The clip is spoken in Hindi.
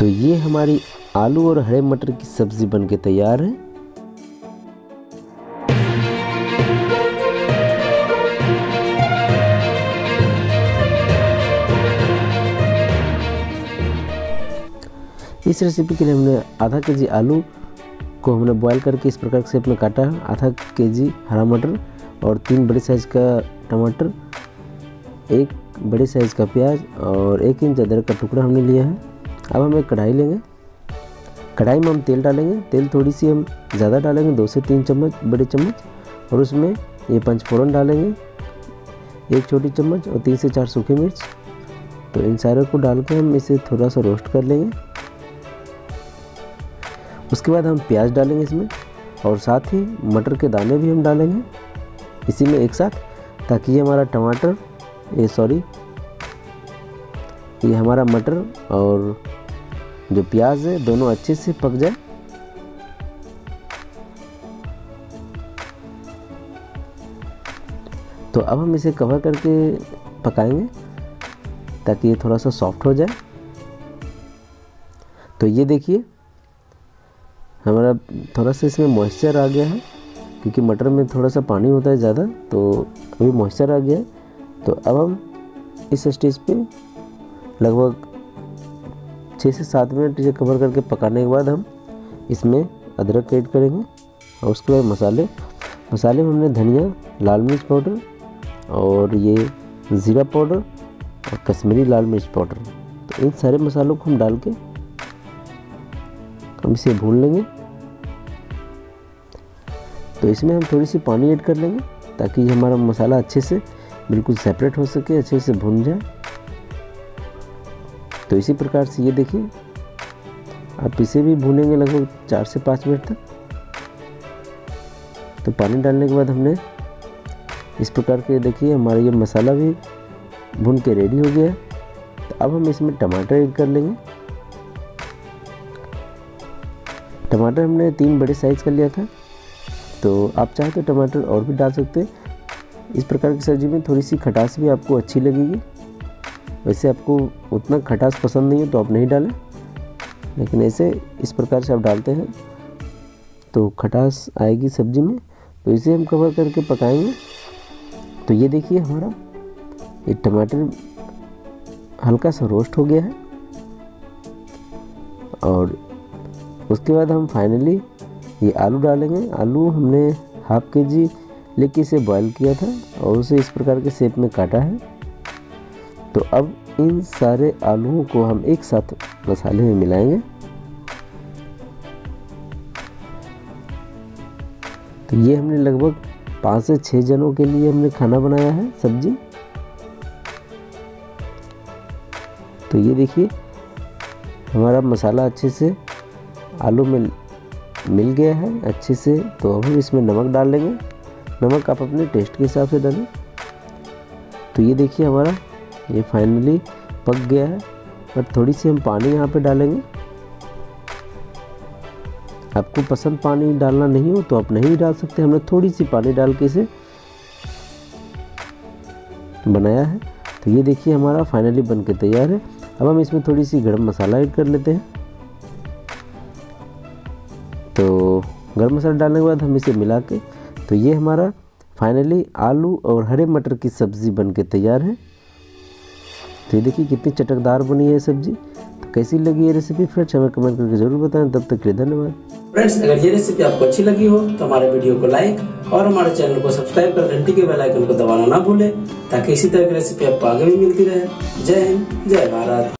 तो ये हमारी आलू और हरे मटर की सब्ज़ी बन के तैयार है इस रेसिपी के लिए हमने आधा के जी आलू को हमने बॉईल करके इस प्रकार से अपने काटा है आधा के जी हरा मटर और तीन बड़े साइज़ का टमाटर एक बड़े साइज़ का प्याज और एक इंच अदरक का टुकड़ा हमने लिया है अब हम एक कढ़ाई लेंगे कढ़ाई में हम तेल डालेंगे तेल थोड़ी सी हम ज़्यादा डालेंगे दो से तीन चम्मच बड़े चम्मच और उसमें ये पंचफोरन डालेंगे एक छोटी चम्मच और तीन से चार सूखी मिर्च तो इन सारे को डाल के हम इसे थोड़ा सा रोस्ट कर लेंगे उसके बाद हम प्याज डालेंगे इसमें और साथ ही मटर के दाने भी हम डालेंगे इसी में एक साथ ताकि ये हमारा टमाटर ये सॉरी ये हमारा मटर और जो प्याज है दोनों अच्छे से पक जाए तो अब हम इसे कवर करके पकाएंगे ताकि ये थोड़ा सा सॉफ्ट हो जाए तो ये देखिए हमारा थोड़ा सा इसमें मॉइस्चर आ गया है क्योंकि मटर में थोड़ा सा पानी होता है ज़्यादा तो अभी मॉइस्चर आ गया है तो अब हम इस स्टेज पे लगभग छः से सात मिनट इसे कवर करके पकाने के बाद हम इसमें अदरक ऐड करेंगे और उसके बाद मसाले मसाले में हमने धनिया लाल मिर्च पाउडर और ये ज़ीरा पाउडर और कश्मीरी लाल मिर्च पाउडर तो इन सारे मसालों को हम डाल के हम इसे भून लेंगे तो इसमें हम थोड़ी सी पानी ऐड कर लेंगे ताकि हमारा मसाला अच्छे से बिल्कुल सेपरेट हो सके अच्छे से भून जाए तो इसी प्रकार से ये देखिए आप इसे भी भूनेंगे लगभग चार से पाँच मिनट तक तो पानी डालने के बाद हमने इस प्रकार के देखिए हमारा ये मसाला भी भून के रेडी हो गया तो अब हम इसमें टमाटर ऐड कर लेंगे टमाटर हमने तीन बड़े साइज़ का लिया था तो आप चाहे तो टमाटर और भी डाल सकते हैं इस प्रकार की सब्ज़ी में थोड़ी सी खटास भी आपको अच्छी लगेगी वैसे आपको उतना खटास पसंद नहीं है तो आप नहीं डालें लेकिन ऐसे इस प्रकार से आप डालते हैं तो खटास आएगी सब्ज़ी में तो इसे हम कवर करके पकाएंगे तो ये देखिए हमारा ये टमाटर हल्का सा रोस्ट हो गया है और उसके बाद हम फाइनली ये आलू डालेंगे आलू हमने हाफ के जी लेके इसे बॉईल किया था और उसे इस प्रकार के शेप में काटा है तो अब इन सारे आलूओं को हम एक साथ मसाले में मिलाएंगे तो ये हमने लगभग पाँच से छः जनों के लिए हमने खाना बनाया है सब्जी तो ये देखिए हमारा मसाला अच्छे से आलू में मिल गया है अच्छे से तो हम इसमें नमक डाल लेंगे नमक आप अपने टेस्ट के हिसाब से डालें तो ये देखिए हमारा ये फाइनली पक गया है बट थोड़ी सी हम पानी यहाँ पे डालेंगे आपको पसंद पानी डालना नहीं हो तो आप नहीं डाल सकते हमने थोड़ी सी पानी डाल के इसे बनाया है तो ये देखिए हमारा फाइनली बन के तैयार है अब हम इसमें थोड़ी सी गर्म मसाला ऐड कर लेते हैं तो गर्म मसाला डालने के बाद हम इसे मिला के तो ये हमारा फाइनली आलू और हरे मटर की सब्ज़ी बन के तैयार है तो ये देखिए कितनी चटकदार बनी है सब्जी तो कैसी लगी ये रेसिपी फ्रेंड्स अच्छा हमें कमेंट करके जरूर बताएं तब तक के लिए धन्यवाद फ्रेंड्स अगर ये रेसिपी आपको अच्छी लगी हो तो हमारे वीडियो को लाइक और हमारे चैनल को सब्सक्राइब कर घंटी के बेल आइकन को दबाना ना भूलें ताकि इसी तरह की रेसिपी आपको आगे भी मिलती रहे जय हिंद जय भारत